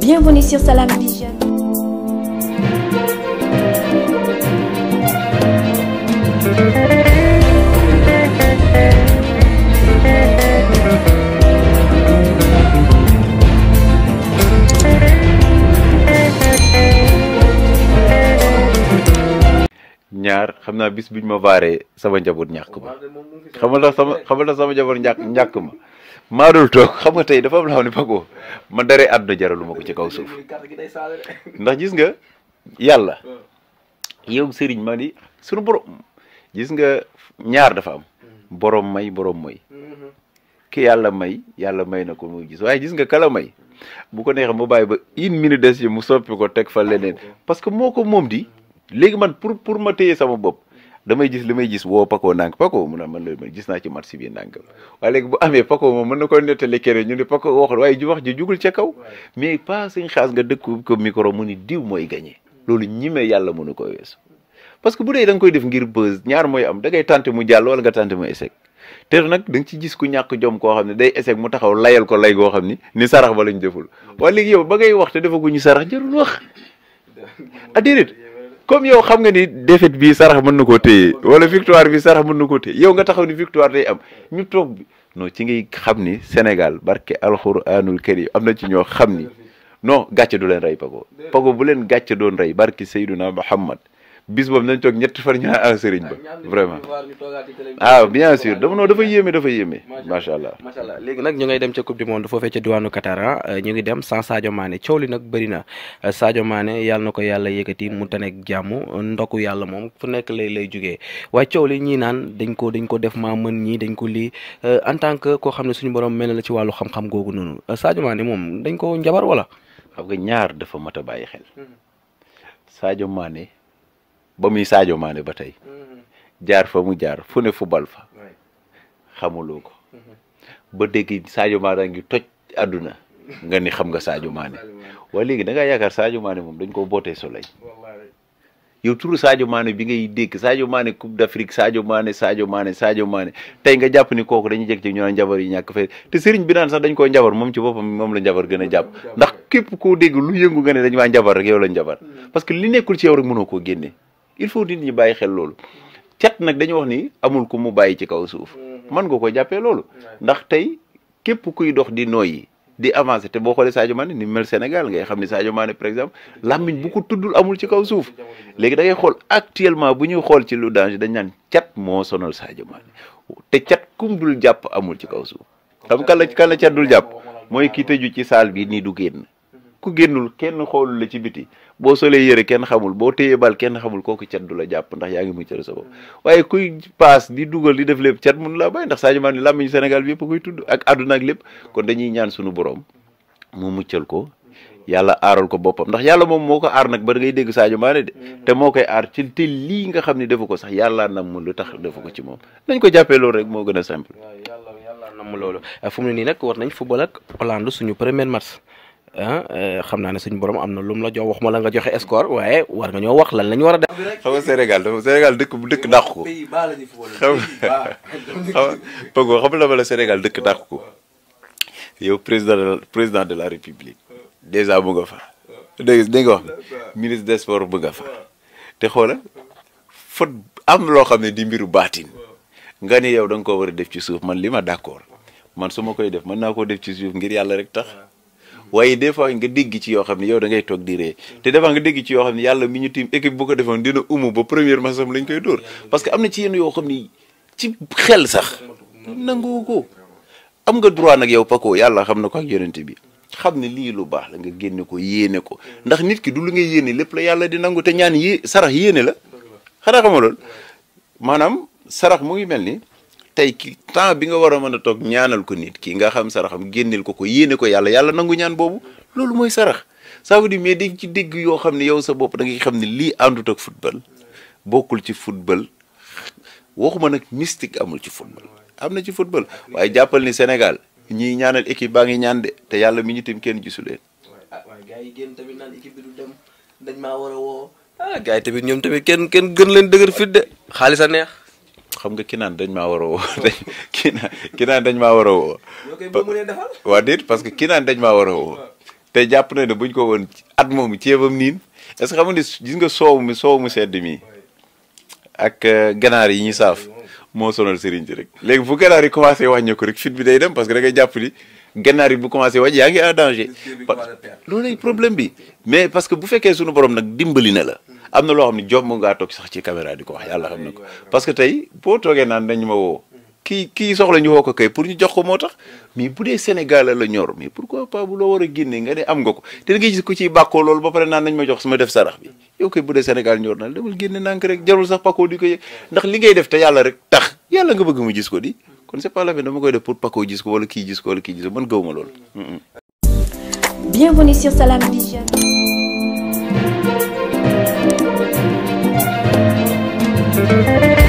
Bienvenue sur Salam Vision. ñaar xam naa bis buñ ma vaaree sama njaboot ñàkk ma xamal la sama xamal la sama njaboot ñàkk ñàkk ma maa dul toog xam nga tey dafa am laaw ni Paco ma daree àdduna jaralu ma ko ci kaw suuf ndax gis nga yàlla hmm. yow sëriñ ma di sunu borom gis nga ñaar dafa am hmm. borom may borom mooy hmm. ki yàlla may yàlla may na ko muy gis waaye gis nga kala may bu ko neexee mu bàyyi ba une minute des yi mu soppi ko teg fa leneen parce que moo ko moom di léegi man pour pour ma téye sama bopp damay jis li may gis woo Paco ndànk Paco mu ne man loolu man gis naa ci match bi ndànkam waaye léegi bu amee Paco moom mën na ko nettali keneen ju jugul ca kaw mais pas suñ nga dëkk ko micro mu diw mooy gagné loolu ñime yàlla mënu ko weesu parce que bu dee da nga koy def ngir buzz ñaar mooy am da ngay tenter mu jàll wala nga tenter mu échec te nag da nga ci gis ku ñàkk jom koo xam ne day échec mu taxaw layal ko lay goo xam ni ni sarax ba lañ deful waaye léegi yow ba ngay wax te defaguñu sarax jarul comme yow xam nga ni défaite bi sarax mën na koo téye wala victoire bi sarax mën na ko téye yow nga taxaw ni victoire day am ñu toog bi ci ngay xam ni Sénégal barke alxuraanul karim am na ci ñoo xam ni non gàcce du leen rey Pago Pago bu leen gàcce doon rey barke Seyduna Muhammad bis boobu nañ toog ñetti far ñu naan sëriñ ba vraiment ah bien sûr dafa yéeme dafa yéeme macha allah. macha léegi nag ñu ngay dem ca coupe du monde foofee ca diwaanu Qatar ah, euh, ñu ngi dem sans Sadio Mané coow li nag bëri na euh, Sadio Mané yàlla na ko yàlla yëkkati mu taneeg jàmm ndokku yàlla moom fu nekk lay lay jugee waaye coow li ñii naan dañ ko dañ ko def maa mën ñii dañ ko lii euh, en tant que koo xam ne suñu borom mel na la ci wàllu xam-xam noonu Sadio Mané moom dañ ko njabar wala. xam ñaar dafa mat a bàyyi xel hmm. Sadio Mané ba muy saajo maane ba tey mhm. jaar fa mu jaar fu ne football fa xamuloo ko mhm. ba dégg Sadio Mané ngi toj àdduna nga ni xam nga Sadio Mané waaye léegi da ngaa yaakaar Sadio Mané moom dañ koo bootee soleil yow turu Sadio Mané bi ngay dégg Sadio Mané Coupe d'Afrique Sadio Mané Sadio Mané Sadio Mané tey nga jàpp ni kooku dañuy jeg ñu naan njabar yi ñàkk fee te sëriñ bi naan sax dañ koo njabar moom ci boppam moom la njabar gën a jàpp ndax képp koo dégg lu yëngu nga ne dañ waa njabar la njabar mm. parce que li nekkul ci yow rek mënoo koo génne il faut nit ñi bàyyi xel loolu cat nag dañu wax ni amul ku mu bàyyi ci kaw suuf mhm. mën nga ko jàppee loolu ndax tey képp kuy dox di nooyi di avancé te boo xoolee Sadio Mané ni mel Sénégal nga xam ni Sadio maane par exemple làmmiñ bu ko tuddul amul ci kaw suuf léegi da xool actuellement bu ñuy xool ci lu danger dañ naan cat moo sonal Sadio Mané te cat kum dul jàpp amul ci kaw suuf xam kan la kan cat dul jàpp mooy kii tëju ci saal bi nii du génn ku génnul kenn xoolul la ci biti boo solee yëre kenn xamul boo téyee bal kenn xamul kooku cat du la jàpp ndax yaa ngi muccal sa bopp mm. waaye kuy paas di dugal di def lépp cat mun laa bàyyi ndax Sadio Mané làmmiñu Sénégal bi yëpp koy tudd ak àdduna ak lépp kon dañuy ñaan suñu borom mu muccal ko yàlla aaral ko boppam ndax yàlla moom moo ko aar nag ba ngay dégg Sadio Mané de mm. te moo koy aar ci te nga xam ne defu ko sax yàlla nam mu lu tax defu ko ci moom nañ ko jàppee rek moo gën a simple. waaw nam loolu fu mu ne nii nag war nañ football o Hollande suñu premier match Ah, eh, xam naa ne suñu borom am na lu mu la jox wax ma la nga joxe score waaye war nga ñoo wax lan la ñu war a def. xam nga Sénégal dafa Sénégal dëkk bu dëkk dàq ko xam nga Pogo xam la ma Sénégal dëkk dàq ko yow président de la république déjà mu nga fa. dégg nga wax ministre des sports mu nga fa te xoola fot am loo xam ne di mbiru baatin nga ni yow da koo war a def ci suuf man li ma d'accord man su ma koy def mën naa koo def ci suuf ngir yàlla rek tax. waaye des fois nga dégg ci yoo xam ne yow da ngay toog di ree te des fois nga dégg ci yoo xam ne yàlla mi ñu tiim équipe bu ko defoon dina umu ba koy parce que am na ci yenn yoo xam ne ci xel sax nangu ko am nga droit nag yow Paco yàlla xam na ko ak yonent bi xam ne lii lu baax la nga génne ko yéene ko ndax nit ki du lu ngay yéene lépp la yàlla di nangu te ñaan yi sarax yéene la xanaa xama loolu maanaam sarax mu ngi mel ni tey ki temps bi nga war a mën a toog ñaanal ko nit ki nga xam saraxam génneel ko ko yéene ko yàlla yàlla nangu ñaan boobu loolu mooy sarax sa veut dire mais dañ ci dégg yoo xam ne yow sa bopp da xam ne lii àndut ak football bokkul ci football waxuma nag mystique amul ci football am na ci football waaye jàppal ni Sénégal ñiy ñaanal équipe baa ngi ñaan de te yàlla mi ñu tim kenn gisu leen. ah waaye gars woo. ah gars yi tamit ñoom kenn gën leen dëgër fit de xaalis a neex. xam nga ki naan dañ maa war a woo ki naan ki naan dañ maa war a woo waa déet parce que ki naan dañ maa war a woo te jàpp na ne buñ ko woon at moom ceebam niin est-ce que xam nga ni gis nga soow mi soow mu sedd mi ak euh, ganaar yi ñuy saaf moo sonal sëriñ ci rek léegi bu ganaar yi commencé wàññeeku rek fit bi day dem parce que da ngay jàpp ni ganaar yi bu commencé wàññi yaa ngi en danger loolu lay problème bi mais parce que bu fekkee suñu borom nag dimbali na la am na loo xam ne jomb ngaa toog sax ci caméra di ko wax yàlla xam na ko parce que tey boo toogee naan dañ ma woo kii soxla ñu ko kay pour ñu jox ko moo tax mais bu dee Sénégal la ñor mais pourquoi pas bu loo war a génnee nga ne am nga ko te da ngay gis ku ciy bàkkoo ba pare naan nañ ma jox su def sarax bi yow kay bu dee Sénégal ñor na la demal génne rek jarul sax pako di ko yëg ndax li def te yàlla rek tax yàlla nga bëgg mu gis ko di kon c'est pas la peine dama Thank you.